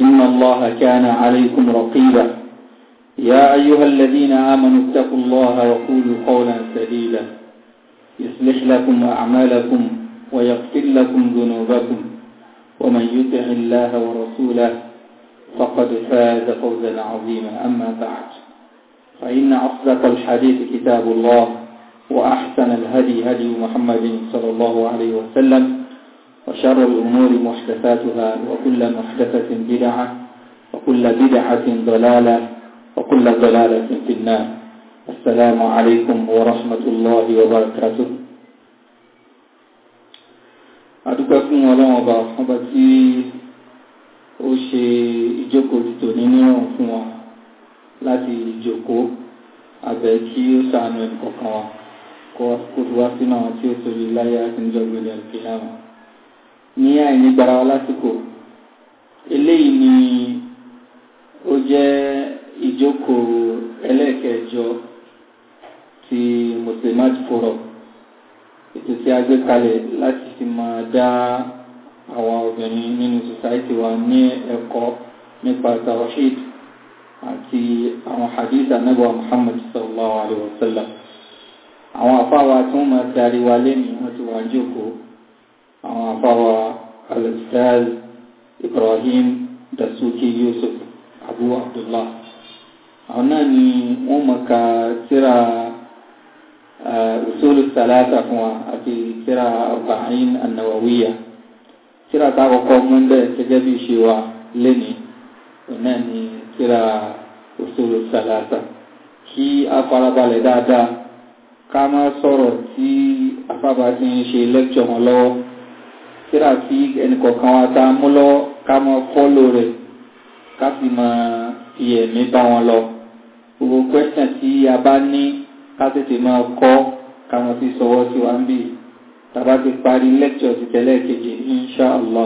إن الله كان عليكم رقيبا يا أيها الذين آمنوا اتقوا الله وقولوا قولا سديدا يصلح لكم أعمالكم ويغفر لكم ذنوبكم ومن يطع الله ورسوله فقد فاز فوزا عظيما أما بعد فإن أصدق الحديث كتاب الله وأحسن الهدي هدي محمد صلى الله عليه وسلم وشر الأمور محدثاتها وكل محدثة بدعة وكل بدعة ضلالة وكل ضلالة في النار السلام عليكم ورحمة الله وبركاته adúgbà fún ọlọ́run ọba ọba tí ó ṣe ìjókòó títò nínú ìrùn fún wọn láti ìjókòó àbẹ̀ kí ó sàánú ẹnìkọ̀ọ̀kan wọn kó wá sínú àwọn tí ó tóbi láyé àti níjọ́gbẹ̀lẹ̀ ìpínlẹ̀ wọn ní àìní gbara wa lásìkò eléyìí ni ó jẹ́ ìjókòó ẹlẹ́ẹ̀kẹjọ ti Muslimat Forum ètò tí a gbé kalẹ̀ láti fi máa dá àwọn obìnrin nínú society wa ní ẹ̀kọ́ nípa tawhid àti àwọn hadith anábọ̀ Muhammad sallallahu alaihi wa sallam àwọn àfáwà tí wọ́n máa darí wa lẹ́nu wọ́n ti wà jókòó àwọn afáwa alẹ́sáàz Ibrahim Dasuki Yusuf Abu Abdullah àwọn náà ni wọ́n mọ̀ka tíra usul salata fún ah. wa àti tíra arba'in annawawiya tíra tá àkọ́kọ́ mú bẹ́ẹ̀ gẹ́gẹ́ bí ṣe wa lénìí òun náà ni tíra usul salata kí a farabalẹ̀ dáadáa ká má sọ̀rọ̀ tí afábá ti ń ṣe lẹ́kṣọ̀ wọn lọ́wọ́ tíra tí ẹnìkọ̀ọ̀kan wa a mú lọ ká mọ fọ́lò rẹ̀ ká sì mọ iye ẹ̀mí bá wọn lọ gbogbo kwẹ́sàn tí a bá ní ká tètè máa kọ́ ká mọ sí sọwọ́ sí wa ń bì tàbá ti parí lẹ́kṣọ̀ ti tẹ́lẹ̀ kejì inṣàlá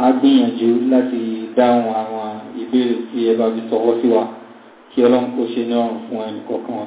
a gbìyànjú láti dáhùn àwọn ìbéèrè tí ẹ bá fi sọwọ́ sí wa kí ọlọ́run kó ṣe ní ọ̀run fún ẹnìkọ̀ọ̀kan wa.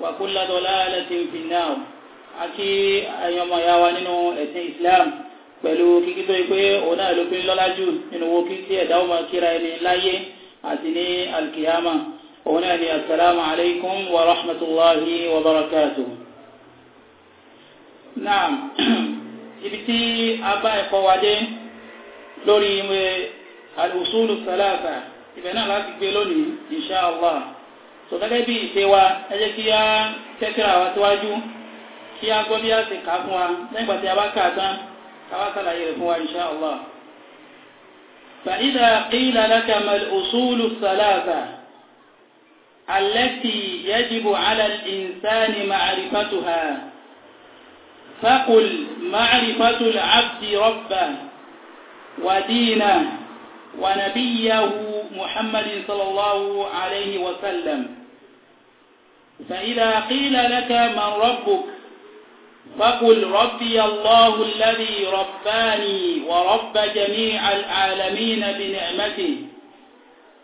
وكل ضلالة في النار àti àyànmọ̀ ya wa nínú ẹ̀sìn Islam pẹ̀lú kíkí tó pé òun náà ló pín lọ́lá jù nínú wo kí tí ẹ̀dá ọmọ kíra ẹni láyé àti ní alkiyama òun náà ni assalamu alaikum wa rahmatullahi wa barakatuh naam ibi tí a bá ẹ̀kọ́ wa lórí ìwé eh, al-usulu ibẹ̀ náà láti gbé lónìí insha tó gẹ́gẹ́ bí ìṣe wa ẹ jẹ́ kí a tẹ́tẹ́ àwa síwájú kí a gbọ́ bí a sì kà fún wa lẹ́gbàá tí a bá kà tán káwá sàlàyé rẹ̀ fún wa insha Allah. فإذا قيل لك ما الأصول الثلاثة التي يجب على الإنسان معرفتها فقل معرفة العبد ربه ودينه ونبيه محمد صلى الله عليه وسلم فإذا قيل لك من ربك فقل ربي الله الذي رباني ورب جميع العالمين بنعمته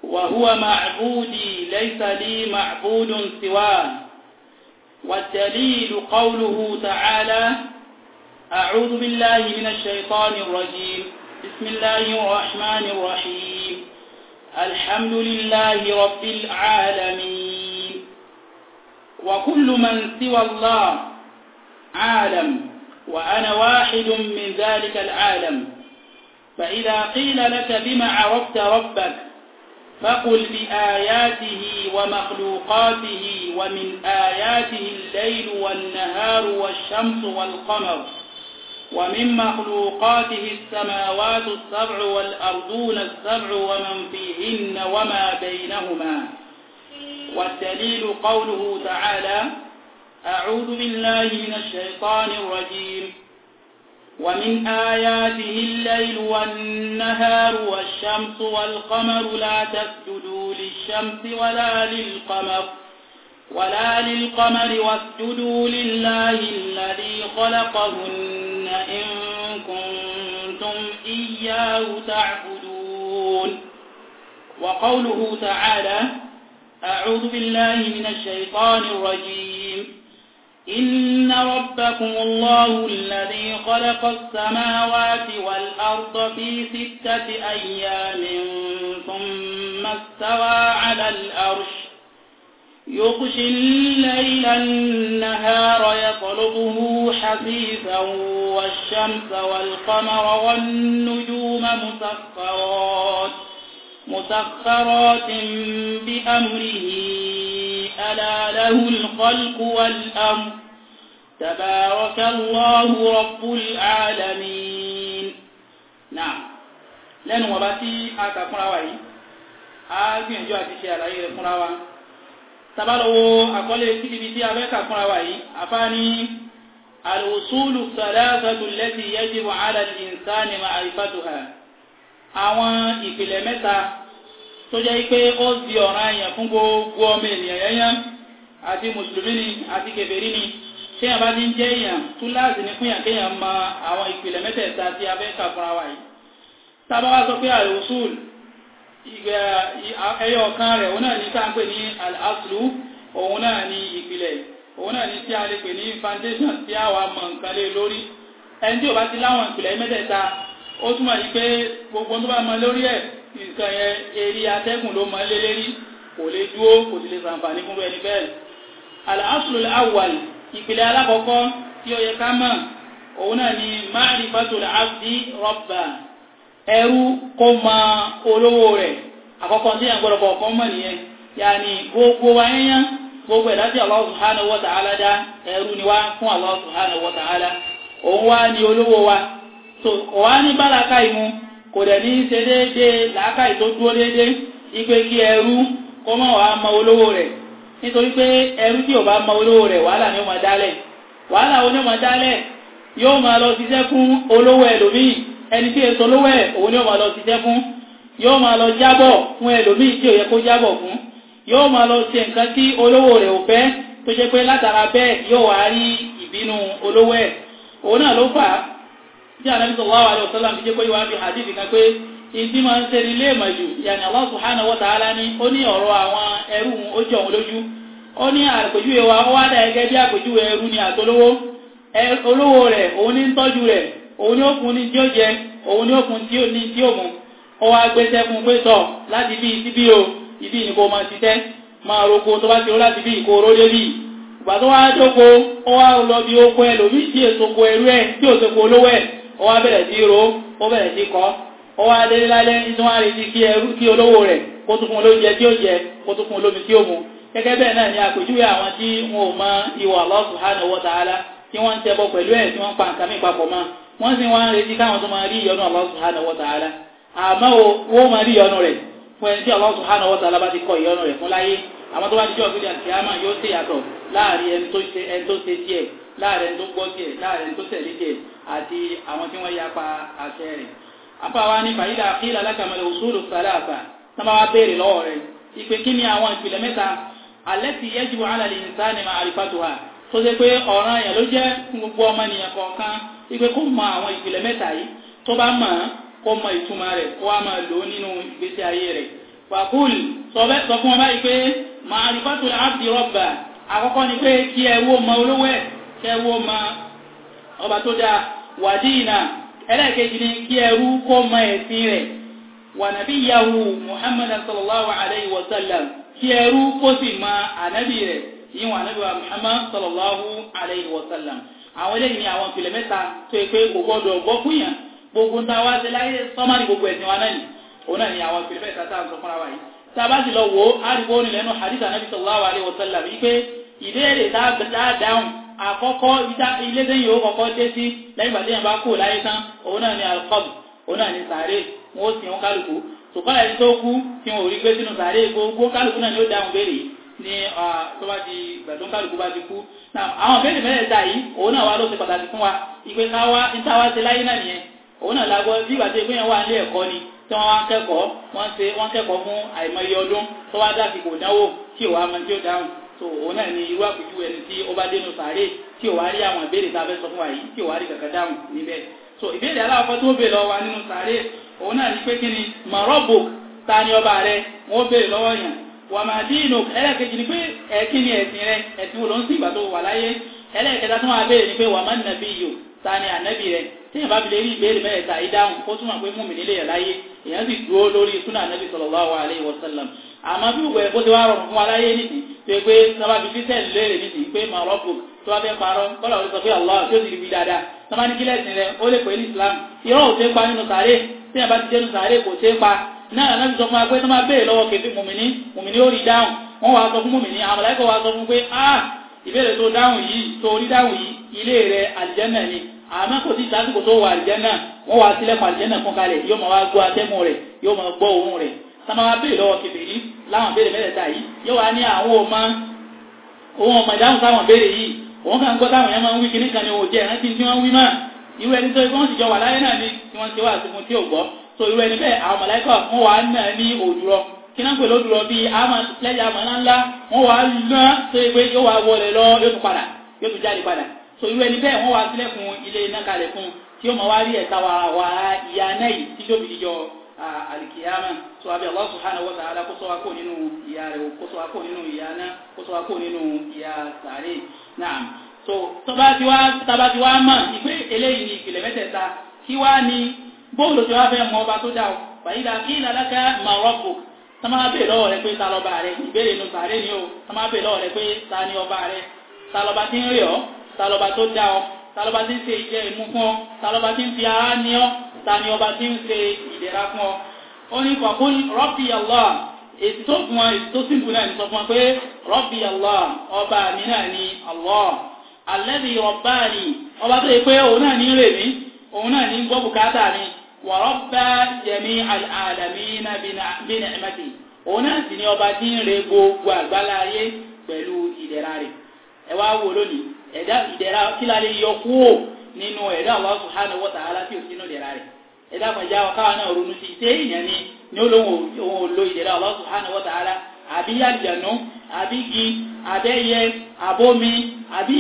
وهو معبودي ليس لي معبود سواه والدليل قوله تعالى أعوذ بالله من الشيطان الرجيم بسم الله الرحمن الرحيم الحمد لله رب العالمين وكل من سوى الله عالم وأنا واحد من ذلك العالم فإذا قيل لك بما عرفت ربك فقل بآياته ومخلوقاته ومن آياته الليل والنهار والشمس والقمر ومن مخلوقاته السماوات السبع والأرضون السبع ومن فيهن وما بينهما والدليل قوله تعالى أعوذ بالله من الشيطان الرجيم ومن آياته الليل والنهار والشمس والقمر لا تسجدوا للشمس ولا للقمر ولا للقمر واسجدوا لله الذي خلقهن إن كنتم إياه تعبدون وقوله تعالى أعوذ بالله من الشيطان الرجيم إن ربكم الله الذي خلق السماوات والأرض في ستة أيام ثم استوى على الأرش يغشي الليل النهار يطلبه حثيثا والشمس والقمر والنجوم مسخرات مسخرات بأمره ألا له الخلق والأمر تبارك الله رب العالمين نعم lẹ́nu wọn bá tí a kà fúnra wa yìí a gbìyànjú àti ṣe àlàyé rẹ̀ fúnra wa tabalọ́wọ́ àkọlé síbi tí a fẹ́ kà fúnra wa yìí afá ní alùsùlù sàlẹ́sàtù lẹ́tì yẹ́jìbò alàlì ìsáni ma àìfàtò ha àwọn ìpìlẹ̀ mẹ́ta tó jẹ́ pé ó di ọ̀ràn àyàn fún gbogbo ọmọ ènìyàn yẹ́yán àti mùsùlùmí ni àti kèfèrí ni kéèyàn bá ti ń jẹ́ èèyàn túláàsì ní fúnyàn kéèyàn mọ àwọn ìpìlẹ̀ mẹ́tẹ̀ẹ̀ta tí a fẹ́ kà fúnra wa yìí tábà wá sọ pé àlùsùl ẹyọ kan rẹ̀ òun náà ní tá à ń pè ní àlùsùlù òun náà ní ìpìlẹ̀ òun náà ní tí a lè pè ní foundation tí a wà mọ̀ nǹkan lé lórí ẹni tí ò bá ti láwọn ìpìlẹ̀ mẹ́tẹ̀ẹ̀ta ó túmọ̀ sí pé gbogbo tó bá mọ lórí ẹ̀ nǹkan yẹn eré atẹ́gùn ló máa lé lérí kò lè dúó kò sì lè sàǹfààní fún ẹni bẹ́ẹ̀. al-aslul awwal ìpìlẹ̀ alákọ̀ọ́kọ́ tí ó yẹ ká mọ̀ òun náà ni ma'rifatul abdi rabba ẹrú kó mọ olówó rẹ̀ àkọ́kọ́ tí àgbọ̀dọ̀ kọ̀ọ̀kan mọ̀ nìyẹn yàní gbogbo wa yẹn gbogbo ẹ̀dá tí Allah subhanahu wa ta'ala dá ẹrú ni wá fún Allah subhanahu wa ta'ala òun wá ní olówó wa so wá ní bálaka ìmú kò dẹ̀ ní ṣe déédé làákàì tó dúró déédé ipe kí ẹrú kó mọ̀ wá ma olówó rẹ̀ nítorí pé ẹrú tí ò bá mọ olówó rẹ̀ wàhálà ni ó ma dálẹ̀ wàhálà ó ní ó dálẹ̀ yóò ma lọ ṣiṣẹ́ fún olówó ẹlòmíì ẹni tí èso olówó ẹ̀ òun ni ó lọ ṣiṣẹ́ fún yóò lọ jábọ̀ fún ẹlòmíì tí ò yẹ kó lọ ṣe nǹkan tí olówó rẹ̀ ò fẹ́ tó ṣe pé látara bẹ́ẹ̀ yóò wá rí tí Ànábì sallallahu alaihi wasallam fi jẹ́ pé ìwádìí hadith kan pé ìdí máa ń ṣe ní léèmọ̀ yàní Allah subhanahu wa ta'ala ní ó ní ọ̀rọ̀ àwọn ẹrú ó jọ lójú ó ní àpèjúwe wa ó wá dà gẹ́gẹ́ bí àpèjúwe ẹrú ni àtolówó olówó rẹ̀ òun ní tọ́jú rẹ̀ òun ní ní tí ó jẹ òun ní tí ó o ibi ìnìkó máa ti tẹ́ máa roko tó bá ti láti bí ó wá bẹ̀rẹ̀ sí ro ó bẹ̀rẹ̀ sí kọ́ ó wá dé lálẹ́ nítorí wọ́n á retí kí ẹrú kí olówó rẹ̀ kó tún fún olóúnjẹ tí ó jẹ kó tún fún olómi tí ó mu gẹ́gẹ́ bẹ́ẹ̀ náà ni àpèjúwe àwọn tí wọn ò mọ ìwà Allah subhanahu wa ta'ala tí wọ́n ń tẹbọ pẹ̀lú ẹ̀ tí wọ́n ń pa nǹkan mìíràn papọ̀ mọ́ wọ́n sì wọ́n ń retí káwọn tó máa rí ìyọnu Allah subhanahu wa ta'ala àmọ́ wọ́n máa rí ìyọnu rẹ̀ fún ẹni tí Allah subhanahu wa ta'ala bá ti kọ ìyọnu rẹ̀ fún láyé àwọn tó bá ti jọ́ ìgbéjà kìámà yóò ṣèyàtọ̀ láàrin ẹni tó ṣe tiẹ̀ láàrin tó gbọ́ tiẹ̀ láàrin tó tẹ̀lé tiẹ̀ àti àwọn tí wọ́n yapa àṣẹ rẹ̀. apá wa ní fàyídà àkílà lákàmọ̀lẹ̀ òṣùlù sàlàfà tó máa béèrè lọ́wọ́ rẹ̀ ìpè kí ni àwọn ìpìlẹ̀ mẹ́ta alẹ́ ti yẹ́jú alàlẹ́ ìsáni máa àrífàtò wa tó ṣe pé ọ̀ràn àyà ló jẹ́ gbogbo ọmọnìyàn kọ̀ọ̀kan ìpè kó mọ àwọn ìpìlẹ̀ mẹ́ta yìí tó bá mọ̀ kó mọ ìtumọ̀ rẹ̀ kó wá máa lò nínú ìgbésí ayé rẹ̀ wàkúl sọ fún wọn báyìí pé máa àrífàtò àbdì rọ́bà àkọ́kọ́ ni pé kí ẹ wo mọ olówó ẹ̀ kẹwọ́ ma ọba tó dáa wàdíìnà ẹlẹ́ẹ̀kejì ni kí ẹrú kó mọ ẹ̀sìn rẹ̀ wà nàbí yahu muhammad sallallahu alayhi wa sallam kí ẹrú kó sì mọ ànábì rẹ̀ yíwọ̀n ànábì wa muhammad sallallahu alayhi wa sallam àwọn eléyìí ni àwọn ìpìlẹ̀ mẹ́ta tó yẹ pé kò gbọ́dọ̀ gbọ́ fún yàn gbogbo ń ta wá sí láyé sọ́mọ́nì gbogbo ẹ̀sìn wa náà ni òun náà ni àwọn ìpìlẹ̀ tá à ń sọ fúnra wa yìí tabasi lọ wo arigbó ni lẹ́nu hadith anabi sallallahu alayhi wa sallam yìí pé ìbéèrè tá a dáhùn àkọ́kọ́ ilé tẹ́yìn ó kọ́kọ́ dé sí lẹ́yìn bàtẹ́ yẹn bá kú láyé tán òun náà ni alcob òun náà ni sàárè wọn ó sì ń kálukú tòkọ́lá ẹni tó kú tí wọn ò rí gbé sínú sàárè gbogbo kálukú náà ni ó dáhùn béèrè ní tó bá di gbẹ̀dún kálukú bá ti kú àwọn béèrè mẹ́rẹ̀ẹ́ta yìí òun náà wá ló ṣe pàtàkì fún wa ìpè káwá nítawa ṣe láyé náà nìyẹn òun náà lágbọ́ bí ìgbà tí ìpínyẹ̀ wà nílé ẹ̀kọ́ ni tí wọ́n wá ń kẹ́kọ̀ọ́ wọ́n kẹ́kọ̀ọ́ fún àìmọye ọdún tó wá dásìkò dánwò tí ò wá mọ tí ó dáhùn so òun náà ni irú àpèjúwe ẹni tí ó bá dénú sàárè tí ò wá rí àwọn ìbéèrè tá a fẹ́ sọ fún wa yìí tí ò wá rí kankan dáhùn níbẹ̀ so ìbéèrè aláwọ̀ tó bè lọ́wọ́ nínú sàárè òun náà ni pé kí ni mọ̀rọ́bù ta ni ọba rẹ wọ́n bèèrè lọ́wọ́ yàn wàmàdínù ẹlẹ́kejì ni pé ẹ̀kí ni ẹ̀sìn rẹ ẹ̀sìn wo ló ń sìn ìgbà tó wà láyé ẹlẹ́ẹ̀kẹta tó máa béèrè ni pé wàá má nàbí yòó ta ni ànábì rẹ téèyàn bá fi lè rí ìbéèrè mẹ́rẹ̀ẹ̀ta yìí dáhùn ó túmọ̀ pé mú mi nílé yà láyé èèyàn sì dúró lórí súnà ànábì sallallahu alaihi wasallam àmọ́ bí ìwẹ̀ bó ti wá rọrùn fún wa láyé nìsí pé pé sábà fi fi sẹ́ẹ̀lì léèrè nìsí pé màá rọ́pò tó wá fẹ́ parọ́ kọ́lá òun sọ pé Allah tí ó sì rí dáadáa sábà ní kílẹ̀ sìn rẹ ó lè pè ní Islam irọ́ ò ṣe pa nínú sàárè téèyàn bá ti dé nínú sàárè kò ṣe pa náà náà sọ fún wa pé tó máa béèrè lọ́wọ́ kẹfí mùmìnì mùmìnì ó rí dáhùn wọ́n wá sọ fún mùmìnì àmàlẹ́kọ̀ọ́ wá sọ fún pé ah ìbéèrè tó dáhùn yìí tó rí dáhùn yìí ilé rẹ̀ àlìjẹ́nà ni àmọ́ kò sí ìtàkùn tó wà àlìjẹ́nà wọ́n wá sílẹ̀kùn àlìjẹ́nà fún kalẹ̀ yóò máa wá gbọ́ atẹ́gùn rẹ̀ yóò máa gbọ́ òórùn rẹ̀ sábà wá lọ́wọ́ kẹfẹ́ láwọn béèrè mẹ́tẹ̀ẹ̀ta yìí yóò wá ní àwọn ọmọ ohun ọmọ ìdáhùn sáwọn béèrè yìí òun kàn gbọ́ táwọn yẹn máa ń wí kíní kan ni òun jẹ́ ẹ̀rántí tí wọ́n wí máa irú ẹni tó wọ́n sì jọ wà láyé náà ni tí wọ́n ti wá àsìkò tí ò gbọ́ so irú ẹni bẹ́ẹ̀ àwọn mọ̀láìkọ̀ wọ́n wà náà ní òdùrọ̀ kíná pè lódù lọ bíi àmà lẹ́yìn àmà wọ́n wá ná tó yẹ yóò wá wọlé lọ yóò tún padà yóò tún jáde padà so irú ẹni bẹ́ẹ̀ wọ́n wá sílẹ̀kùn ilé iná kalẹ̀ fún tí ó máa wá rí ẹ̀ta wàrà wàrà ìyá náà yìí tí yóò fi díjọ alikiyama so abi Allah subhanahu wa ta'ala kó sọ wá nínú ìyá rẹ̀ kó sọ wá nínú ìyá náà kó sọ wá nínú ìyá sàárè náà so tọ́ba ti wá tọ́ba ti wá mọ̀ ìpè eléyìí ni ìpìlẹ̀ mẹ́tẹ̀ẹ̀ta kí wá ní bóòlù tí wá fẹ́ mọ ọba tó dà ó fàyídà kí ìlàlákà máa rọ́pò tọ́mọ́ bèè lọ́wọ́ rẹ pé ta lọ́ba rẹ ìbéèrè inú sàárè ni o tọ́mọ́ bèè lọ́wọ́ rẹ pé ta ni ọba rẹ ta lọ́ba tí ń rè ọ́ ta lọ́ba tó dá ọ ta lọ́ba tí ń ṣe ìjẹ ìmú fún ọ ta lọ́ba tí ń fi ara ní ọ ta ni ọba tí ń ṣe ìdẹ̀ra fún ọ. ó ní kọ̀kú rọ́bì Allah èsì tó fún wa èsì tó sìnkú náà ní sọ fún wa pé rọ́bì Allah ọba mi náà ni Allah wọ̀rọ̀bá jẹ̀mí alàmìnà bínàmẹ́tì òun náà sì ni ọba tí ń re gbogbo àgbálá ayé pẹ̀lú ìdẹ̀ra rẹ̀ ẹ wá wò lónìí ẹ̀dá ìdẹ̀ra kí la lè yọ kúrò nínú ẹ̀dá Allah subhanahu wa ta'ala tí ò sínú ìdẹ̀ra rẹ̀ ẹ̀dá àpàjá ọ̀káwà náà ronú sí ṣé èèyàn ni ni ó lóun òlo ìdẹ̀ra Allah subhanahu wa ta'ala àbí àjànú àbí igi àbẹ́yẹ àbómi àbí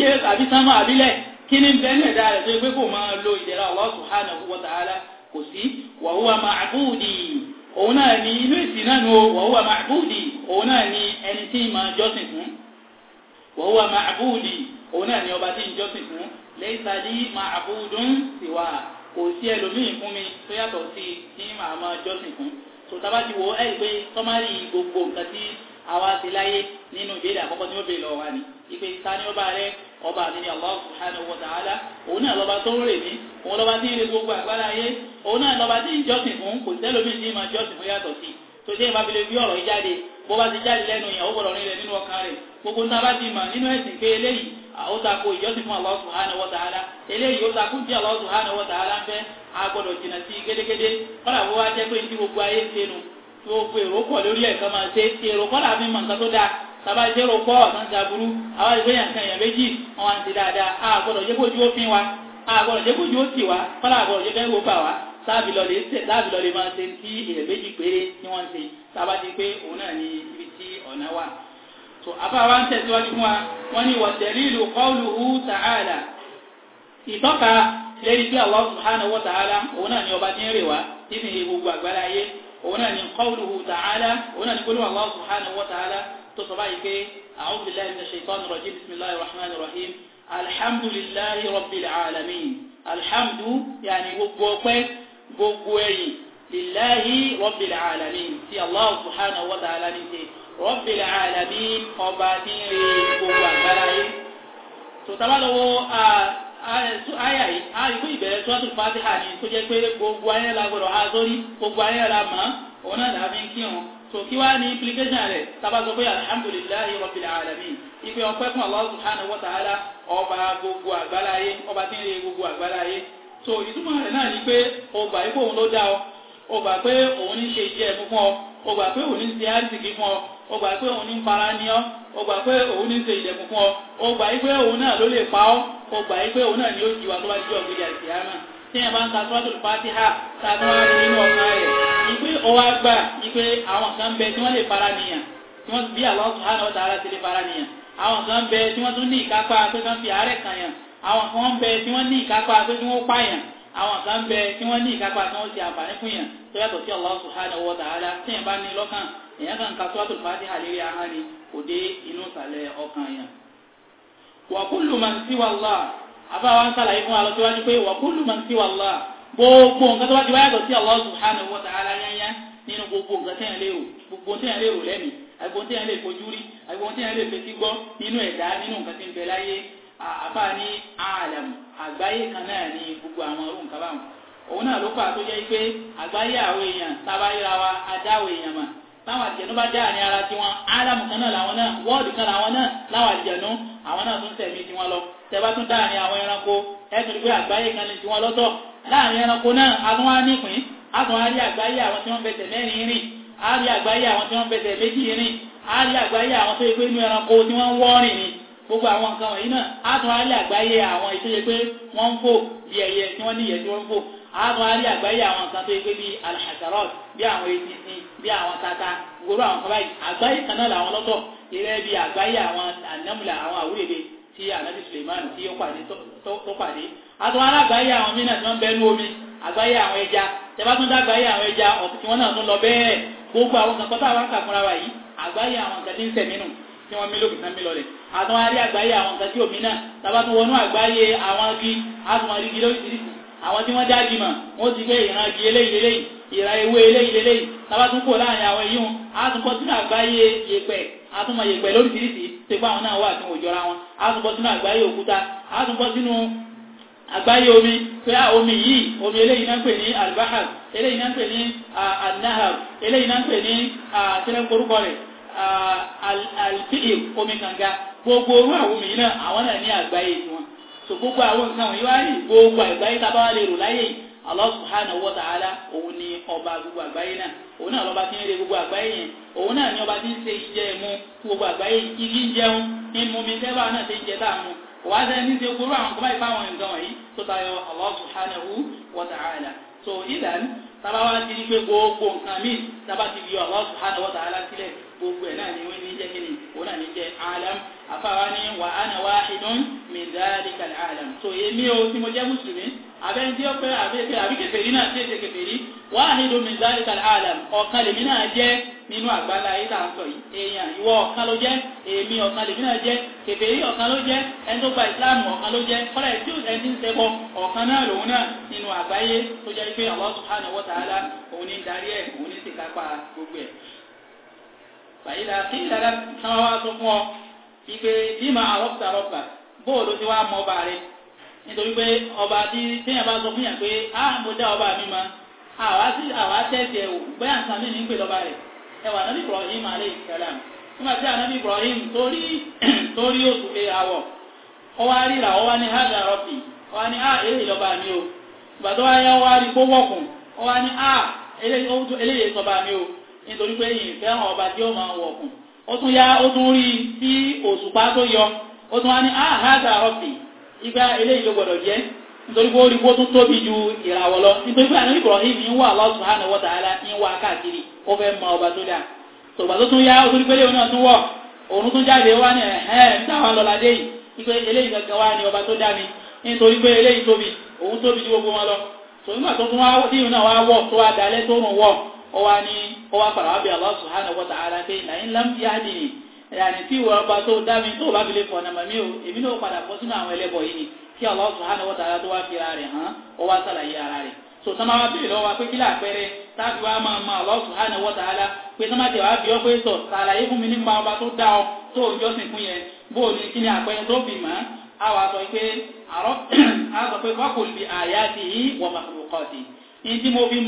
sánmọ́ àbílẹ̀ kí ni bẹ́ẹ̀ ní ẹ̀dá rẹ̀ tó gbé kò máa lo ìdẹ̀ra Allah subhanahu wa ta'ala kò sí wàhúwà ma'budi òun náà ni inú ìsìn náà ni wàhúwà ma'budi òun náà ni ẹni tí ma jọ́sìn fún wàhúwà ma'budi òun náà ni ọba tí ń jọ́sìn fún laysa li ma'budun siwa kò sí ẹlòmíì fún mi tó yàtọ̀ sí tí màá ma jọ́sìn fún so tabati wo ẹ̀ pé sọ́márì gbogbo nǹkan tí àwa ti láyé nínú ìbéèrè àkọ́kọ́ tí ó bèèrè lọ́wọ́ wa ni ìpè ta ni ọba rẹ ọba mi ni Allah subhanahu wa ta'ala òun náà lọ́ba tó ń rè mí òun lọ́ba tí ń re gbogbo àgbára ayé òun náà lọ́ba tí ń jọ́sìn fún kò sẹ́lómi tí ń máa jọ́sìn fún yàtọ̀ sí tó dé ìbá bilẹ̀ bí ọ̀rọ̀ yìí jáde bó bá ti jáde lẹ́nu yẹn ó gbọ́dọ̀ nínú ọkàn rẹ̀ gbogbo gbogbo èrò pọ̀ lórí ẹ̀kọ́ máa ṣe ti èrò kọ́ làbí mọ̀ nǹkan tó dáa tàbá ìṣe èrò ọ̀sán ti aburú àwọn ìṣe yàn kan èèyàn méjì wọn wá ti dáadáa a gbọ́dọ̀ jẹ́ kójú ó fi wa a gbọ́dọ̀ jẹ́ kójú ó tì wa kọ́lá àgbọ̀dọ̀ jẹ́ bà wá sáàbì lọ́lẹ̀ máa ṣe tí èèyàn méjì péré ni wọ́n ṣe ti pé òun náà ni ibi tí ọ̀nà wà. tó wa ń tẹ̀síwájú fún wa wọ́n ní ìlú ìtọ́ka lérí bí òun náà ni ọba ń rè wá òun náà ni qawluhu ta'ala òun náà ni qawluhu Allah subhanahu wa ta'ala tó sọ báyìí pé a'udhu billahi minash shaitani rajim bismillahir rahmanir rahim alhamdulillahi rabbil alamin alhamdu yàní gbogbo ọpẹ́ gbogbo ẹ̀yìn lillahi rabbil alamin tí Allah subhanahu wa ta'ala ní ṣe rabbil alamin ọba ní gbogbo àgbáláyé tòtàbálọ́wọ́ àyà yìí a rí fún ìbẹ̀rẹ̀ tó tún fàtíhà ha tó jẹ́ pé gbogbo la ha zori gbogbo anya la ma òun na làá fi ń so kiwa ni ní implication rẹ̀ ya sọ pé alhamdulillahi rabbil alamin ipe ọpẹ́ fún Allah subhanahu wa ta'ala ọba gbogbo ye ọba tí ń gbogbo àgbáláyé so ìtumọ̀ rẹ̀ náà ni pé òun ọ ọgbà pé òun ní ṣe jẹ́ ẹ̀mú fún ọ ọgbà pé òun ní ṣe àrísìkí fún ọ ó pé òun ní fara ní ọ pé òun ní ṣe fún ọ ọgbà pé òun náà ló lè pa ọ ni ó jìwà tó bá jẹ́ ọ̀gbẹ́jà ìsìyàmà tí ẹ bá ń ka sọ́tò nínú rẹ̀ ọwọ́ àgbà àwọn kan bẹ tí wọ́n lè nìyàn tí wọ́n bí wa àwọn kan bẹ tí wọ́n ní ìkápá tí wọ́n ti àǹfààní fún yàn tó yàtọ̀ sí Allah subhanahu wa ta'ala tí yàn bá ní lọ́kàn kan ka Suratul Fatiha lérí ahọ́n ni kò dé inú ìsàlẹ̀ ọkàn yàn. wa kullu man siwa Allah àbáwá ń sàlàyé fún wa lọ síwájú pé wa kullu man siwa Allah gbogbo nǹkan tó bá ti wáyàtọ̀ sí Allah wa ta'ala yányá nínú gbogbo nǹkan tẹ́yàn lérò àbá ní ààlàm àgbáyé kan náà ní gbogbo àwọn ọrùn kan báwọn òun náà ló pa tó jẹ́ pé àgbáyé àwọn èèyàn tábáyéra wa ajá àwọn èèyàn mà táwọn àjẹnú bá dá àní ara tiwọn álámù kan náà làwọn náà wọ́ọ̀dù kan làwọn náà láwọn àjẹnú àwọn náà tún tẹ̀mí tiwọn lọ tẹ́bá tún dá àní àwọn ẹranko ẹ̀sùn pé àgbáyé kan ní tiwọn lọ́tọ̀ láàrin ẹranko náà a tún wá nípìn a tún wá rí àgbáyé àwọn tí wọ́n bẹ̀tẹ̀ mẹ́rin rìn a rí àgbáyé àwọn tí wọ́n bẹ̀tẹ̀ méjì rìn a rí àgbáyé àwọn tó yẹ pé inú ẹranko tí wọ́n wọ́ọ̀rìn ni gbogbo àwọn nǹkan wọ̀nyí náà àtún àárí àgbáyé àwọn ìṣẹ́yẹ pé wọ́n ń fò bí ẹyẹ tí wọ́n níyẹ tí wọ́n ń fò àtún àárí àgbáyé àwọn nǹkan tó yẹ pé bí alhajarot bí àwọn etisi bí àwọn tata gbogbo àwọn kan àgbáyé kan náà làwọn lọ́tọ̀ ìrẹ́ bí àgbáyé àwọn ànámùlà àwọn àwúrèbe tí anabi suleiman tí ó pàdé tó pàdé àtún àárí àgbáyé àwọn mínà tí wọ́n bẹ nú omi àgbáyé àwọn ẹja tí wọ́n mílò kìtàn mílò rẹ̀ àtàwọn arí àgbáyé àwọn nǹkan tí òmí náà tàbá tó wọnú àgbáyé àwọn agi àtùmọ̀ rí gílé oríṣiríṣi àwọn tí wọ́n já gímọ̀ wọ́n ti gbé ìran agi eléyìí eléyìí ìran ewé eléyìí eléyìí tàbá tún kò láàrin àwọn èyí wọn àtúnkọ́ sínú àgbáyé yẹ̀pẹ̀ àtúnmọ̀ yẹ̀pẹ̀ lóríṣiríṣi tí pé àwọn náà wà tí wọ́n jọra wọn àtúnkọ́ sínú àgbáyé òkúta àtúnkọ́ sínú àgbáyé omi pé omi yìí omi eléyìí náà ń pè ní albahar eléyìí náà ń pè ní anahab eléyìí náà ń pè ní àtẹnẹ́kọrúkọ rẹ̀ alfidil omi kanga gbogbo orú àwọn omi náà àwọn náà ní àgbáyé wọn so gbogbo àwọn nǹkan wọ̀nyí wá gbogbo agbaye tábà wà lè rò láyé yìí Allah subhanahu wa ta'ala òun ni ọba gbogbo agbaye na òun náà lọ́ba ti ń re gbogbo àgbáyé yẹn òun náà ni ọba ń gbogbo jẹun náà ti ń jẹ kò wá sẹ́ni ní ṣe gbóró àwọn kọ́bá ìfá àwọn nǹkan wọ̀nyí tó tayọ Allah subhanahu wa ta'ala so ìdán tábà wá ti ní pé gbogbo nǹkan míì tábà ti fi Allah subhanahu wa sílẹ̀ gbogbo ẹ̀ náà ni wọ́n ní jẹ́ kíni òun náà ní jẹ́ alam afáwa ní wa ana wahidun min dhalika alam so èmi o tí mo jẹ́ mùsùlùmí abẹ́ni tí ó pé àbí kèfèrí náà tí èsè kèfèrí wahidun min èmi ọ̀kan lèmi náà jẹ́ kèfèrí ọ̀kan ló jẹ́ ẹni tó gba ìsìláàmù ọ̀kan ló jẹ́ kọ́lá ìjú ẹni ń ọ̀kan náà lòun nínú àgbáyé tó jẹ́ pé ta'ala òun darí ẹ̀ òun ní sì gbogbo ẹ̀. bàyílà kí ìdára tán tó fún ọ ìpè bímọ àrọ́pùtà rọ́pà bóòlù ti wá mọ ọba rẹ nítorí pé ọba tí téèyàn bá sọ fún yàn pé nígbà tí ànábì Ibrahim torí torí òṣùpá àwọ̀ ó wá ríra ó wá ní hàdà rọ́bì ó wá ní à ah, eléyìí lọ́ba mi o ìgbà tó wá yá ó wá rí gbówó ọ̀kùn ó wá ní à ah, eléyìí lọ́ba mi o nítorí pé yìí fẹ́ràn ọba tí ó máa wọ̀kùn ó tún yá ó tún rí bí òṣùpá tó yọ ó tún wá ní à ah, hàdà rọ́bì ìgbà eléyìí ló gbọ́dọ̀ jẹ́ nítorí pé ó rí kó tún tóbi ju ìràwọ̀ lọ nítorí pé ànábì Ibrahim ń wà Allah sògbà tó tún yá ó tún pélé òun náà tún wọ̀ òun tún jáde wá ní ẹ̀hẹ́n níta wà lọ́la dé yìí ipe eléyìí wá ní ọba tó dá mi nítorí pé eléyìí tóbi òun tóbi gbogbo wọn lọ sògbà tó tún wá ní ó wá wa ta'ala pé làyín lámpi àdìní yàní tí ìwọ ọba tó dá mi tó bá fi lè fọ ọ̀nà màmí o èmi náà padà sínú àwọn ẹlẹ́bọ̀ yìí ara so wa máa bèèrè lọ́wọ́ pé akpere taa táàbí wa ma máa Allah subhanahu wa ta'ala pe sama máa wa bí sọ sala fún mi ọba ọ tó ń jọ́sìn fún yẹn bó o ní kí ni a wà sọ a bi ayatihi wa makhluqatihi mo mi ni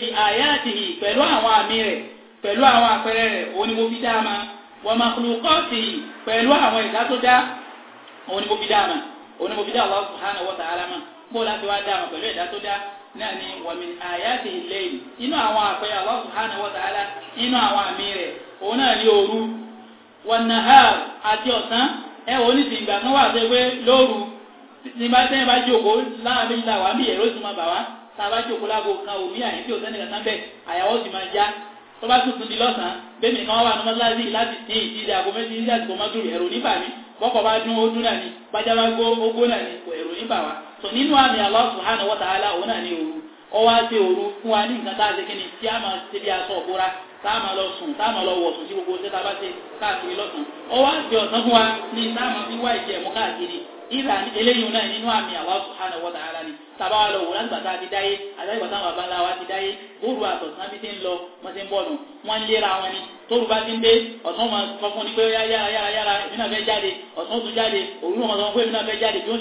bi ayatihi ni mo ma wa makhluqatihi ni mo ma. bó láti wá dáhùn pẹ̀lú ẹ̀dá tó dá náà ni wàmí àyàtì ìlẹ́yìn inú àwọn àpẹyà Allah subhanahu wa ta'ala inú àwọn àmì rẹ̀ òun náà ní òru wọnàhà àti ọ̀sán ẹwọ oníṣì ìgbà kan wà pé lóru ní bá tẹ́yìn bá jòkó láàrin méjìlá wà mí ẹ̀rọ sì máa tá a bá jòkó lágbo kan òmí àyè tí òsẹ́ nìkan sábẹ̀ àyàwó sì máa já tó bá tuntun di lọ́sàn-án bẹ́ẹ̀ nìkan wà ní mọ́sálásí láti ní ìdíje àgọ́ méjì ní àsìkò mọ́tò ẹ̀rù níbà mi bọ́kọ̀ bá dún ó dún náà ni bájá bá gbó ó gbó náà ni ẹ̀rù níbà wá so nínú àmì Allah subhanahu na ta'ala òun náà ní òru ó wá sí òru fún wa ní nǹkan a ṣe kí ni tí a máa ṣe bí aṣọ òbúra tá a máa lọ sùn tá a máa lọ sí gbogbo sẹ́ta bá ṣe káàkiri lọ́sùn ó wá ọ̀sán fún wa ní tá a máa fi wá ìjẹ̀mú káàkiri ìlà eléyìí náà nínú àmì Allah subhanahu wa ta'ala ni tàbá wa lọ wò láti bàtà ti dáyé ti dáyé bóòlù àtọ̀sán bí ti ń lọ ti ń bọ̀ nù wọ́n ń wọn ni bá ti ń dé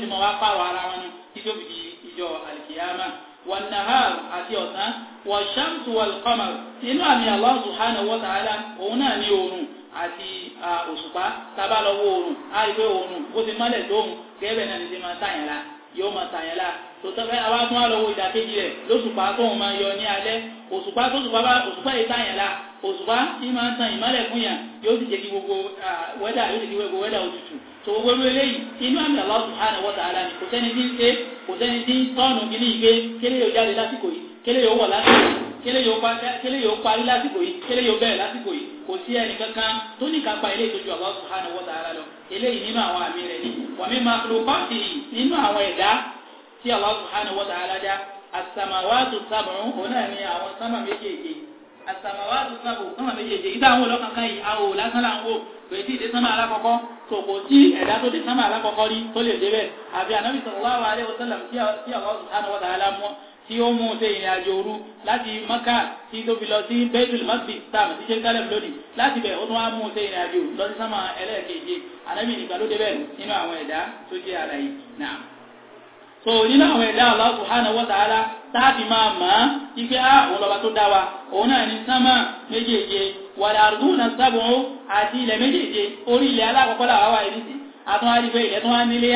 ọ̀sán ni títòbi di ìjọ alìkìyàmá wọn nahar àti ọ̀sán wọn ṣàmùtù wàlùkọ́mà inú àmì Allah subhanahu wa ta'ala òun náà ní oòrùn àti òṣùpá tábàlọ́wọ́ oòrùn á rí pé oòrùn bó ti mọ́lẹ̀ tóun gẹ́gẹ́ bẹ́ẹ̀ náà ti máa tàyànlá yóò máa tàyànlá tòtọ́fẹ́ awátún àlọ́wọ́ ìdàkejì rẹ̀ lóṣùpá tóun máa yọ ní alẹ́ òṣùpá tóṣùpá bá òṣùpá ìtàyànlá òṣùpá tí máa ń tan ìmọ́lẹ̀ fún yàn yóò ti jẹ́ kí gbogbo wẹ́dà yóò ti jẹ́ gbogbo wẹ́dà òtútù tó gbogbo ló eléyìí inú àmì Allah subhanahu wa ta'ala ni kò sẹ́ni tí ń ṣe kò sẹ́ni tí ń tọ́nù kíní ìgbé kélé yóò jáde lásìkò yìí kélé yóò wọ̀ lásìkò yìí kélé yóò parí lásìkò yìí kélé yóò bẹ̀rẹ̀ lásìkò yìí kò sí ẹni kankan tó ní kápá ilé ìtọ́jú Allah subhanahu wa ta'ala lọ eléyìí nínú àwọn àmì rẹ̀ ni wàmí máa lo pàṣẹ tí Allah subhanahu wa ta'ala dá as-samawatu sab'u òun náà ni àwọn sámà méjèèjì as-samawatu sab'u sámà méjèèjì ìdá àwọn olókankan yìí àwò lásán là ń wò pèsè ìdí sámà alákọ̀ọ́kọ́ tó kò sí ẹ̀dá tó dé sámà alákọ̀ọ́kọ́ rí tó lè débẹ̀ àbí ànábì sallallahu alaihi wasallam tí Allah subhanahu wa ta'ala mú tí ó mú ṣe ìrìn àjò òru láti Maka tí tó fi lọ sí Baitul so nínú àwọn ẹ̀dá Allah subhanahu wa ta'ala táàbì máa mọ̀ ipé á ah, òun lọba tó dá òun náà ní sánmà méjèèje wal arduna sab'u àti ilẹ̀ méjèèje orí ilẹ̀ alákọ̀ọ́kọ́ làwáwá ẹni sí àtún àríwẹ̀ ilẹ̀ tó wá nílé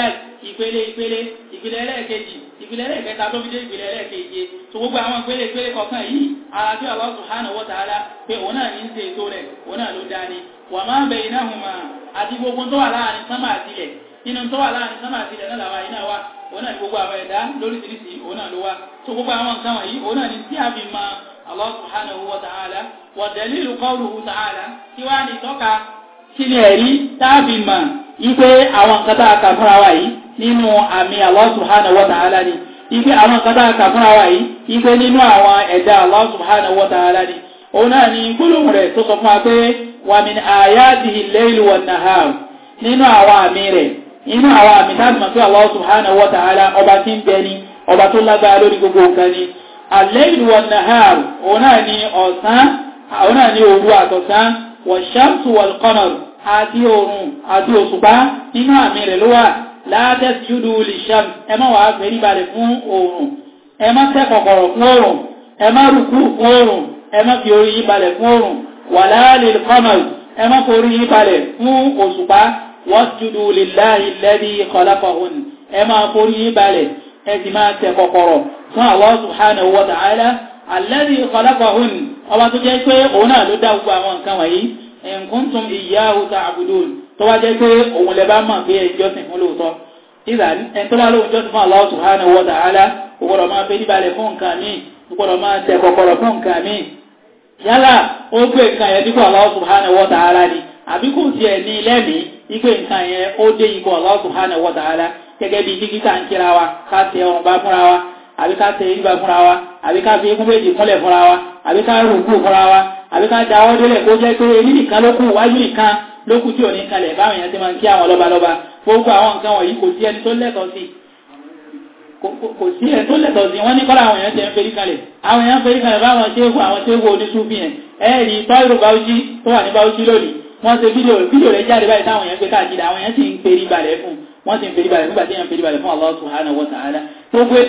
ìpele ìpele ìpìlẹ̀ ẹlẹ́ẹ̀kejì ìpìlẹ̀ ẹlẹ́ẹ̀kẹta tó fi dé ìpìlẹ̀ ẹlẹ́ẹ̀keje tó gbogbo àwọn ìpele ìpele kọ̀ọ̀kan yìí ara tí Allah subhanahu wa ta'ala pé òun náà ní ṣe rẹ̀ òun náà ló dá ni wa ma bainahuma àti gbogbo tó wà láàrin sánmà àtilẹ̀ nínú tó wà láàrin sánmà àtilẹ̀ náà làwà iná òun náà ni gbogbo àwọn ẹ̀dá lóríṣiríṣi òun náà ló wá tó gbogbo àwọn nǹkan wọ̀nyí òun náà ni tí a fi mọ Allah subhanahu wa ta'ala wa dalilu qawluhu ta'ala tí wàá ní tọ́ka kíni ẹ̀rí tá a fi mọ ipe àwọn nǹkan tá a kà fúnra wa yìí nínú àmì Allah subhanahu wa ni ipe àwọn nǹkan tá a kà fúnra wa yìí ipe nínú àwọn ẹ̀dá Allah subhanahu wa ni òun ni gbólóhùn rẹ̀ tó sọ fún wa pé wa min ayatihi al-laylu nínú àwọn àmì rẹ̀ inú àwọn àmì táàmì tó Allah subhanahu wa ta'ala ọba tí ń bẹni ọba tó lágbára lórí gbogbo nǹkan ni al-layl wan-nahar òun náà ni ọ̀sán òun náà ni òru àtọ̀sán wash-shamsu wal-qamar àti oòrùn àti òṣùpá inú àmì rẹ̀ ló wà la tasjudu lish-shams ẹ má wàá wasjudu lillahi alladhi khalaqahun ẹ máa forí yín balẹ̀ ẹ sì máa tẹ kọ̀kọ̀rọ̀ fún Allah subhanahu wa ta'ala alladhi khalaqahun ọba tó jẹ́ pé òun náà ló dá gbogbo àwọn nǹkan wọ̀nyí in kuntum iyyahu ta'budun tó wá jẹ́ pé òun lẹ mọ̀ pé ẹjọ́ sìn fún lóòótọ́ ìlànà ẹni tó bá lóòótọ́ jọ́sìn fún Allah subhanahu wa ta'ala gbọ́dọ̀ máa fẹ́ níbalẹ̀ fún nǹkan míì gbọ́dọ̀ máa tẹ kọ̀kọ̀rọ̀ fún nǹkan míì yálà ó gbé nǹkan yẹn dípò Allah subhanahu wa ta'ala ni àbí tiẹ̀ ní lẹ́mìí ipe nǹkan yẹn ó dé ikọ̀ Allah subhanahu wa ta'ala gẹ́gẹ́ bí dígítà ń kíra wa ká tẹ ọrùn bá fúnra wa àbí ká tẹ ibà fúnra wa àbí ká fi ikún méjì kúnlẹ̀ fúnra wa àbí ká rùkú fúnra wa àbí ká dáwọ́ délẹ̀ kó jẹ́ pé èyí nìkan ló kù wájú nìkan ló kù tí ò ní kalẹ̀ báwọn èèyàn ti máa ń kí àwọn lọ́balọ́ba gbogbo àwọn nǹkan wọ̀nyí kò sí ẹni tó lẹ́tọ̀ọ́ sí kò sí ẹni tó lẹ́tọ̀ọ́ sí wọ́n ní kọ́lá àwọn èèyàn ti ń ferí kalẹ̀ àwọn èèyàn ferí kalẹ̀ báwọn tí àwọn tí ó kù oníṣúfì yẹn tó wà ní báwújí lónìí wọ́n ṣe fídíò fídíò rẹ̀ jáde báyìí táwọn èèyàn gbé káàkiri àwọn èèyàn sì ń perí balẹ̀ fún wọ́n sì ń perí balẹ̀ fún gbàtí èèyàn perí balẹ̀ fún Allah subhanahu wa ta'ala tó gbé.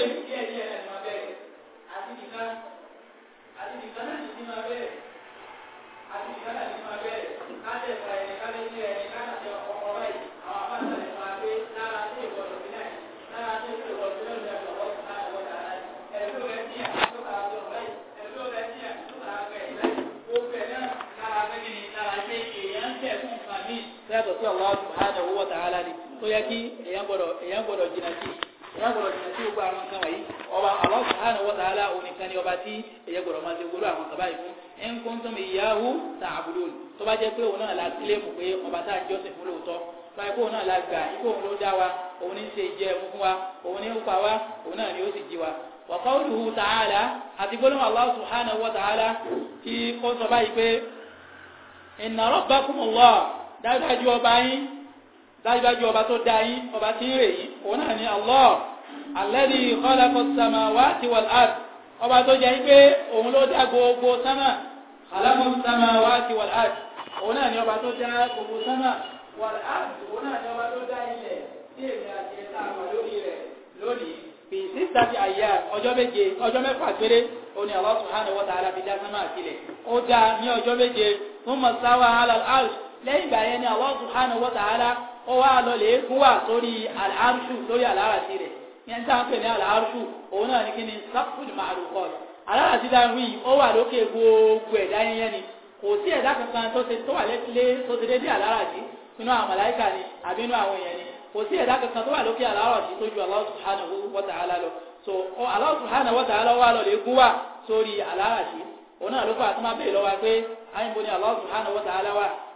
Thank you. Allah subhanahu wa ta'ala ni tó yẹ kí èyàn gbọ́dọ̀ èyàn gbọ́dọ̀ jìnà sí èyàn gbọ́dọ̀ jìnà sí gbogbo àwọn kan wáyé ọba Allah subhanahu wa ta'ala onìkan ni ọba tí èyàn gbọ́dọ̀ máa ṣe gbogbo àwọn kan báyìí fún in kuntum iyyahu ta'budun tó bá jẹ́ pé òun náà la sílẹ̀ mú pé ọba tá à ń jọ́sìn fún lóòótọ́ báyìí kóun náà la gbà ikú òun ló dá wa òun ní ṣe ìjẹ ẹ̀mú wa òun ní ń pa wa òun náà ni ó sì jí wa wa qawluhu ta'ala àti gbólóhùn Allah subhanahu wa ta'ala tí ó sọ báyìí pé inna rabbakumullah dájúdájú ọba yín dájúdájú ọba tó dá yín ọba tí ń rè yín òun náà ni Allah alladhi khalaqa as-samawati wal-ard ọba tó jẹ́ pé òun ló dá gbogbo sánmà khalaqa as-samawati wal-ard òun náà ni ọba tó dá gbogbo sánmà wal-ard òun náà ni ọba tó dá ilẹ̀ tí èmi àti ẹ̀ta àwọn lórí rẹ̀ lónìí bí sísàtì àyà ọjọ́ méje ọjọ́ mẹ́fà péré ó ní Allah subhanahu wa ta'ala fi dá sánmà àtìlẹ̀ ó dá ní ọjọ́ méje thumma stawa 'ala lẹ́yìn ìgbà yẹn ni Allah subhanahu wa ta'ala ó wá lọ lè gún wà sórí al-arshu lórí alárasí rẹ̀ yẹn tá à ń pè ní al-arshu òun náà ní kí ni sáfùlù ma'luqat alárasí dáhùn yìí ó wà lókè gbogbo ẹ̀dá yẹn ni kò sí ẹ̀dá kankan tó wà lé tó ti dédé alárasí inú àwọn màláìkà ni àbí inú àwọn èèyàn ni kò sí ẹ̀dá kankan tó wà lókè alárasí tó ju Allah subhanahu wa ta'ala lọ so Allah subhanahu wa ta'ala wà lọ lè gún wà sórí alárasí òun náà ló fà á tó má bèè lọ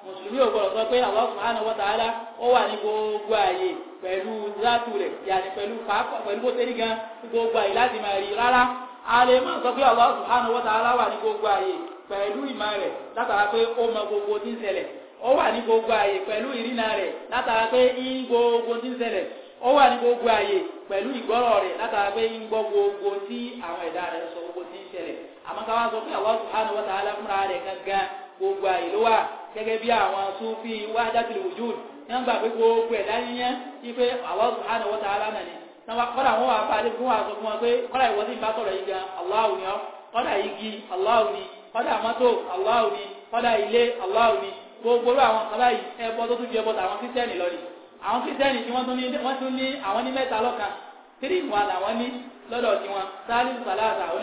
mùsùlùmí ò gbọ́dọ̀ sọ pé Allah subhanahu wa ta'ala ó wà ní gbogbo ààyè pẹ̀lú látù rẹ̀ yàní pẹ̀lú pàápọ̀ pẹ̀lú bó gan gbogbo ààyè láti máa rí rárá a lè máa sọ pé Allah subhanahu wa wà ní gbogbo ààyè pẹ̀lú ìmọ̀ rẹ̀ látara pé ó mọ gbogbo tí ń ó wà gbogbo ààyè pẹ̀lú ìrìnà rẹ̀ látara pé ń gbogbo tí ń ó wà ní gbogbo ààyè pẹ̀lú ìgbọ́rọ̀ rẹ̀ látara pé ń gbọ́ gbogbo tí àwọn ẹ̀dá rẹ̀ gbogbo àyè ló wà gẹ́gẹ́ bí àwọn sufi wahdatul wujud wọ́n gbà pé gbogbo ẹ̀ láyíyán wípé Allah subhanahu wa ta'ala náà ni kọ́dà wọ́n wà fà á dé fún wa sọ fún wa pé kọ́dà ìwọ́n sì ń bá sọ̀rọ̀ yìí gan Allahu ni ọ́ kọ́dà igi Allahu ni kọ́dà mọ́tò Allahu ni kọ́dà ilé Allahu ni gbogbo àwọn kan báyìí ẹbọ tó tún fi ẹbọ tàwọn kírísítẹ́nì lọ ni àwọn kírísítẹ́nì tí wọ́n tún ní àwọn ní mẹ́ta lọ́kan tírì ìwọ̀n àtàwọn ní lọ́dọ̀ tiwọn sáálì sàlá àtàwọn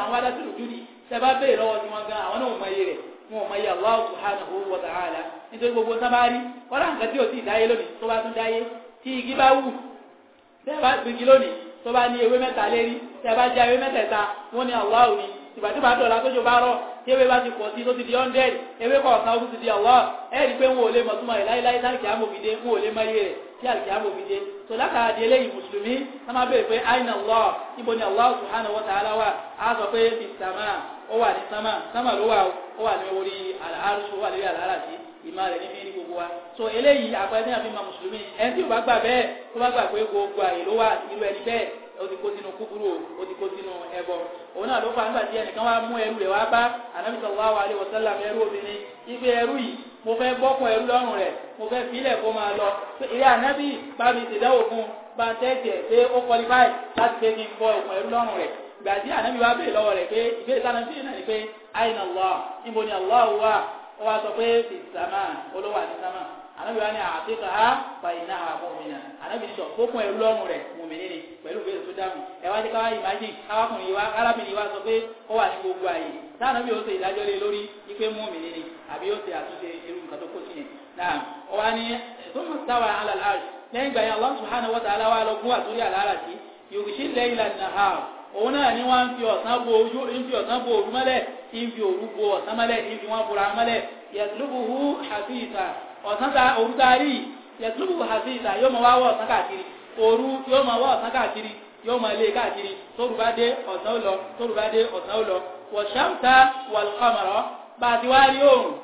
ọ̀nà tẹ́bá bẹ́ẹ̀ lọ́wọ́ tí gan àwọn náà mọ iye rẹ̀ wọn ò hà iye Allah subhanahu wa ta'ala nítorí gbogbo samari rí kọ́lá nǹkan tí ò tí ì dáyé lónìí tó bá tún dáyé tí igi bá wù tẹ́bá gbìgì lónìí tó bá ní ewé ewé ni tí la tójú bá tí ewé bá ti sí tó ti di ewé ó ti di pé tí àlùkìyàmọ̀ fi dé tó látara di eleyi musulmi sama máa bèèrè pé àìnà Allah níbo ni Allah subhanahu wa ta'ala wà a sọ pé fi sàmà ó wà ní sàmà sàmà ló wà ó wà ní orí àlárùsù wà lórí àláràsí ìmọ̀ rẹ̀ níbi ní gbogbo wa so eléyìí àpẹẹrẹ náà fi ma mùsùlùmí ẹni tí ò bá gbà bẹ́ẹ̀ tó bá gbà pé gbogbo àyè ló wà ẹni bẹ́ẹ̀ ti kó sínú kúkúrú ti kó sínú ẹbọ òun mo fẹ́ bọ́kùn ẹrú lọ́rùn rẹ̀ mo fẹ́ fílẹ̀ kó máa lọ ilé ànábì bá mi ṣèdáwò fún bá tẹ́ẹ̀tì ẹ̀ pé ó kọlifáì láti pé kí n bọ́ ẹ̀kùn ẹrú lọ́rùn rẹ̀ ìgbà tí ànábì wá bèèrè lọ́wọ́ rẹ̀ pé ìbéèrè sáà náà náà ni pé àìnà Allah níbo ni Allah wà ó wá sọ pé ti sàmà olówó àti sàmà ànábì wá ní àtìkà á fàyínà àmọ́mìnà ànábì ní sọ bókùn ẹrú lọ́rùn rẹ̀ mòmìnir pẹ̀lú bí èso dáhùn ẹ̀wá nǹkan tó kó sí yẹn náà ó wá ní thumma stawa ala al-arsh lẹ́yìn ìgbà yẹn Allah subhanahu wa ta'ala wa lọ gún àtúrí àlàárà sí yughshi al-layla an-nahar òun náà ni wọ́n ń fi ọ̀sán bo ojú ń fi ọ̀sán bo òru mọ́lẹ̀ ń fi òru bo ọ̀sán mọ́lẹ̀ ń fi wọ́n bora mọ́lẹ̀ yatlubuhu bá ti wá rí òòrùn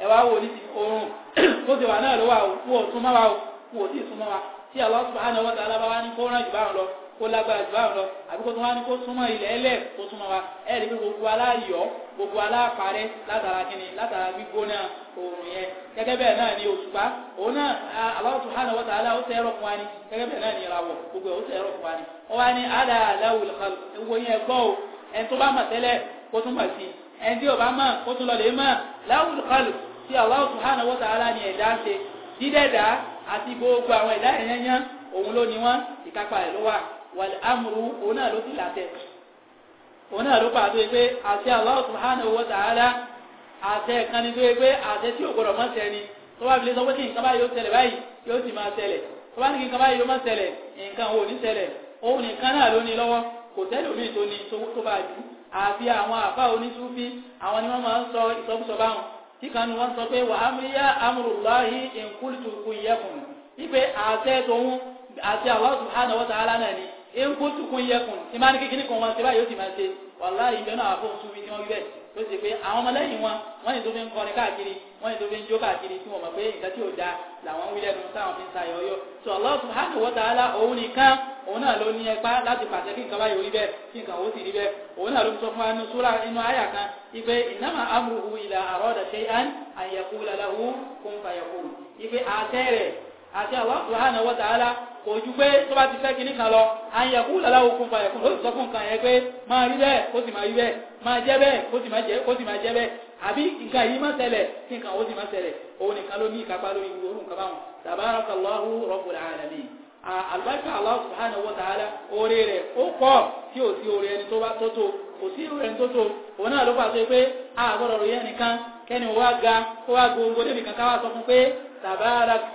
ẹ wá wò ní oorun ó ti wà náà ló wà ó wò tún mọ́ wa ó wò tí ì tún mọ́ wa tí Allah subhanahu wa ta'ala bá wá ní kó ràn jù báwọn lọ kó lágbára jù báwọn lọ àbí kó tún wá ní kó súnmọ́ ilẹ̀ ẹlẹ̀ kó súnmọ́ wa ẹ rí i pé gbogbo aláyọ̀ gbogbo aláàparẹ́ látara kíni látara gbígbóná oorun yẹn gẹ́gẹ́ bẹ́ẹ̀ náà ni òṣùpá òun náà Allah subhanahu wa ta'ala ó tẹ́ ẹ̀rọ fún wa ni gẹ́gẹ́ bẹ́ẹ̀ náà ni ìràwọ̀ gbogbo ẹ̀ ó tẹ́ ẹ̀rọ fún wa ní ala tí Allah subhanahu wa ta'ala ni ẹ̀dá ṣe dídẹ̀dá àti gbogbo àwọn ẹ̀dá ẹ̀yẹnyán òun ló ní wọ́n ìkápá ẹ̀ ló wà wal amru òun náà ló ti làtẹ̀ òun náà ló pàtó pé àti Allah subhanahu wa ta'ala àtẹ kan ni tó yẹ pé àtẹ tí ògbọ́dọ̀ mọ́ sẹ́ni tó bá fi lé sọ pé kí nǹkan báyìí yóò ṣẹlẹ̀ báyìí yóò sì máa ṣẹlẹ̀ tó bá ní kí nǹkan báyìí yóò máa ṣẹlẹ̀ nǹkan ò ní ṣẹlẹ̀ òun nìkan náà ló ní lọ́wọ́ kò tẹ́lẹ̀ omi tó ní tó bá jù àfi àwọn àfa onísúfí àwọn ni wọ́n máa ń sọ ìsọkúsọ báwọn kíkanu wọn sọ pé wà ámúríyá amúrùláhì ìǹkúlùtù kúnyẹkùn ipe àṣẹ tòun àti Allah subhanahu wa ta'ala náà ni ìǹkúlùtù kúnyẹkùn ìmánikíkíní kan wọn ṣe báyìí ó ti máa ṣe wàláhì ìbẹ́nu àfọ̀nsùn mi ni wọ́n gbé bẹ́ẹ̀ tó ṣe pé àwọn ọmọlẹ́yìn wọn wọ́n ní tó fi ń kọrin káàkiri wọ́n ní tó fi ń jó káàkiri tí wọ́n mọ̀ pé nǹkan tí ò da làwọn wílẹ̀ nù táwọn fi ń sayọ̀ ọyọ́ tó Allah subhanahu wa ta'ala òun nìkan òun náà ló ní ẹgbá láti pàṣẹ kí nǹkan báyìí orí bẹ́ẹ̀ kí nǹkan ó sì rí bẹ́ẹ̀ òun náà ló sọ fún wa súra inú àyà kan ipe innama amruhu ila arada shay'an an yaqula lahu kun fayakun ipe àtẹ́rẹ̀ àti Allah subhanahu wa ta'ala kò ju pé tó bá ti fẹ́ kinní kan lọ àyẹ̀kú lọ́láwó kún fa ẹ̀kún ló fún nǹkan yẹn pé máa rí bẹ́ẹ̀ kó sì máa rí bẹ́ẹ̀ máa jẹ́ bẹ́ẹ̀ kó sì máa jẹ́ kó sì máa jẹ́ bẹ́ẹ̀ àbí nǹkan yìí máa kí nǹkan ó sì máa òun nìkan ló ní ìkápá lórí nǹkan báwọn ta'ala oore rẹ̀ ó pọ̀ tí ò sí oore ẹni tó bá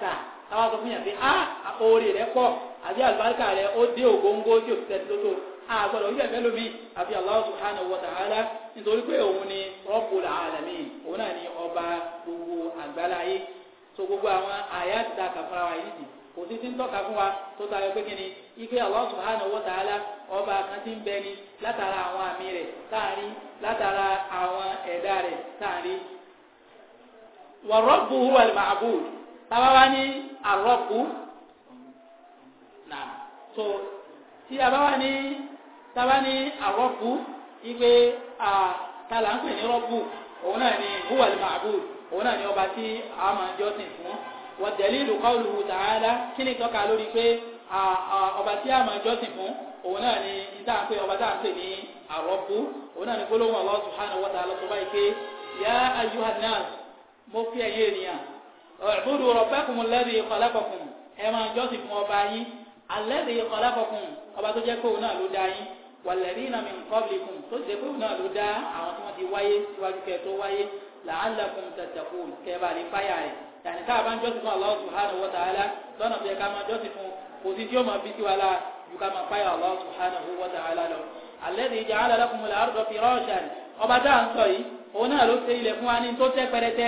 tó táwa sọ fún yàn pé á ah, oore rẹ pọ̀ àbí àlùbáríkà rẹ ó dé ògóńgó tí ò ti tẹ̀sí lótò àgbọ̀dọ̀ ojú ẹ̀fẹ́ lómi àbí Allah subhanahu wa ta'ala nítorí pé òun ni Rabbul alamin òun náà ni ọba gbogbo àgbáláyé so gbogbo àwọn àyà ti ta kàfúnra wa yìí sì kò sí ti ń tọ́ka fún wa tó tayọ pé kí ni ike Allah subhanahu wa ọba kan ti ń bẹ ni látara àwọn àmì táàrin látara àwọn ẹ̀dá rẹ táàrin. àrọ́kù náà so tí a bá wà ní tábà ní àrọ́kù ipe àtàlà ń pè ní rọ́kù òun náà ni huwal maabu òun náà ni ọba tí a máa jọ́sìn fún wa dalilu qawluhu ta'ala kí ni tọ́ka lórí pé ọba tí a máa jọ́sìn fún òun náà ni ìta pé ọba tá pè ní ni gbólóhùn báyìí pé yá mo ọ̀gbọ́dọ̀ rọ̀bẹ́kùn lẹ́bi ìkọlẹ́kọ̀kùn ẹ máa jọ́sìn fún ọba yín alẹ́bi ìkọlẹ́kọ̀kùn ọba tó jẹ́ pé òun náà ló dá yín wàlẹ́rí ìnàmì kọ́bìlìkùn tó jẹ́ pé òun náà ló dá àwọn tí wọ́n ti wáyé síwájú kẹ́ tó wáyé làálàkùn tẹ̀tẹ̀kùn kẹ́bà lè fáyà rẹ̀ yàní ká bá ń jọ́sìn fún Allah subhanahu wa ta'ala lọ́nà tó yẹ ká máa jọ́sìn fún kò sí tí ó máa bí sí wa ju ká máa fáyà Allah subhanahu wa ta'ala lọ. alladhi ja'ala lakumul arda firashan ọba dáhà ń sọ yìí òun náà ló ṣe ilẹ̀ fún wa ní tó tẹ́ pẹrẹtẹ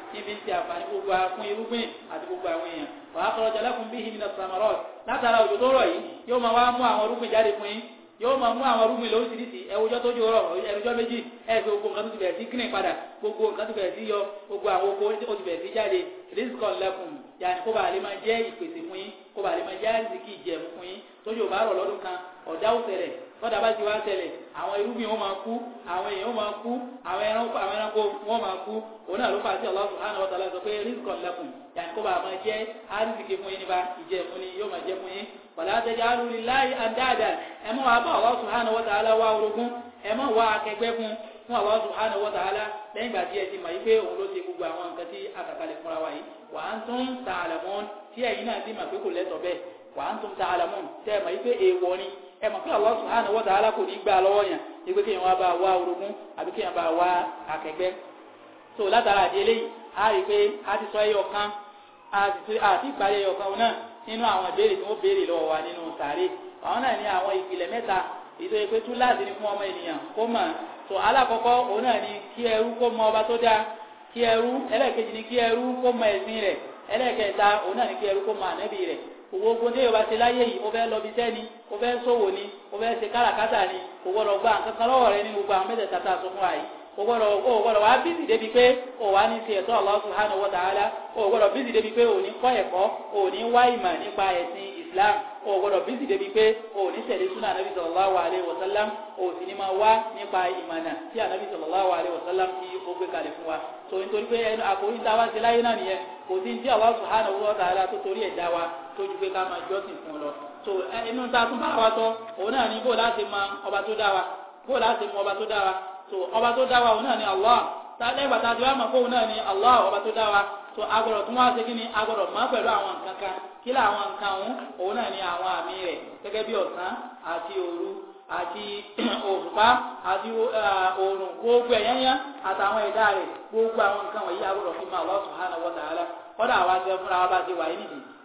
ibi ti àǹfààní gbogbo fún irúgbìn àti gbogbo àwọn èèyàn wàá kọ́rọ̀ jàlákùn bí hìmìnà samarot látara òjò tó rọ̀ yìí yóò máa wá mú àwọn irúgbìn jáde fún yín yóò máa mú àwọn irúgbìn lóríṣiríṣi ẹwùjọ tó jò rọ̀ ẹrùjọ méjì ẹgbẹ́ gbogbo nǹkan tó ti bẹ̀rẹ̀ sí kírin padà gbogbo nǹkan tó bẹ̀rẹ̀ sí yọ gbogbo àwọn oko tó ti bẹ̀rẹ̀ sí jáde rizkon lẹkùn yàní kó bàa máa jẹ́ ìpèsè fún yín kó bàa máa jẹ́ àrísìkì ìjẹ̀mú fún yín tó jò bá rọ̀ lọ́dún kan ọ̀dá ó ṣẹlẹ̀ kọ́dà bá ti wá ṣẹlẹ̀ àwọn irúgbìn wọn máa kú àwọn èèyàn wọn máa kú àwọn ẹranko wọn máa kú òun náà ló fà sí Allah subhanahu wa ta'ala sọ pé rizqan lakum yàtí kó bá máa jẹ́ àrísìkì fún yín nípa ìjẹ́ fún yín yóò máa jẹ́ fún yín wala taj'alu lillahi andada ẹ mọ́ wàá bá Allah subhanahu wa ta'ala wá orogún ẹ mọ́ wàá akẹgbẹ́ fún fún Allah subhanahu wa ta'ala lẹ́yìn ìgbà tí ẹ ti mọ̀ yí pé òun ló ṣe gbogbo àwọn nǹkan tí àkàkalẹ̀ fúnra wa yìí wa antum ta'lamun tí ẹ̀yin náà ti mọ̀ pé kò lẹ́tọ̀ọ́ bẹ́ẹ̀ wa antum ta'lamun tẹ́ ẹ mọ̀ yí pé èèwọ̀ ni ẹ mọ̀ pé Allah subhanahu wa ta'ala gbà lọ́wọ́ yẹn ní pé kéèyàn wá bá wá orogún àbí bá wá akẹgbẹ́ so látara àdé a rí pé a ti sọ ẹyọ kan àti ìparí ẹyọ kan náà nínú àwọn ìbéèrè tí wọ́n béèrè lọ́wọ́ wa nínú sàárè àwọn náà ní àwọn ìpìlẹ̀ mẹ́ta ètò ìpè tún láti ní fún ọmọ ènìyàn kó mọ̀ so alákọ̀ọ́kọ́ òun náà ni kí ẹrú kó mọ ọba tó ni kí ẹrú kó mọ ẹ̀sìn rẹ̀ ẹlẹ́ẹ̀kẹta òun ni kí ẹrú kó mọ rẹ̀ o fẹ́ ṣòwò ni o fẹ́ ṣe káràkátà ni o gbọ́dọ̀ gba nǹkan kan lọ́wọ́ rẹ ní gbogbo àwọn mẹ́tẹ̀ẹ̀ta a sọ fún wa yìí o gbọ́dọ̀ o gbọ́dọ̀ wá bísí débi pé o wá ní ti ẹ̀tọ́ Allah subhanahu wa ta'ala o débi pé o ní kọ́ ẹ̀kọ́ ní wá Islam o gbọ́dọ̀ bizide débi pé o ní suna súnà anábì sallallahu alaihi wa ma o sì ní máa wá nípa ìmọ̀nà wa so inú ta tún bára wa sọ òun náà ni bó láti mọ ọba tó dá wa bó láti mọ ọba tó dá wa so ọba tó dá wa òun náà Allah lẹ́gbà a ti wá mọ̀ fóun náà Allah ọba tó dá wa so agbọ̀dọ̀ tún wá sí kí ni agbọ̀dọ̀ mọ́ pẹ̀lú àwọn nǹkan kan kí là àwọn nǹkan òun òun náà àwọn àmì rẹ̀ gẹ́gẹ́ bí ọ̀sán àti òru àti àti òòrùn gbogbo ẹ̀yẹ́yẹ́ àtàwọn ẹ̀dá rẹ̀ gbogbo àwọn nǹkan wọ̀nyí agbọ̀dọ̀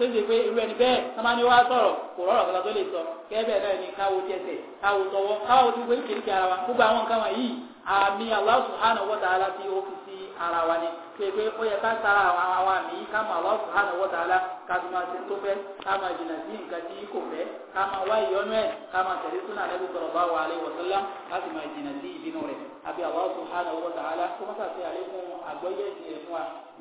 tó ṣe pé irú ẹni bẹ́ẹ̀ tó máa ní wá sọ̀rọ̀ kò rọrọ̀ kankan tó lè sọ kẹ́ẹ̀bẹ̀ náà ni káwo tẹsẹ̀ káwo tọwọ́ káwo tó gbé kéèké ara wa gbogbo àwọn nǹkan wọ̀nyí àmì wa tí ó fi sí ara wa ni tó ṣe pé ó yẹ ká àwọn àmì yìí ká mọ wa ta'ala ká fi máa ṣe tó fẹ́ ká máa jìnà sí nǹkan tí kò fẹ́ ká máa wá ìyọnú ẹ̀ ká máa tẹ̀lé súnà wa sallam láti máa jìnà sí ìbínú rẹ̀ àbí kó má àlékún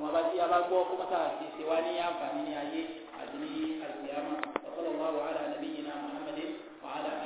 wa bá tí a bá gbọ́ kó má sàfihàn ṣe wá ní أدنيه القيامة وصلى الله على نبينا محمد وعلى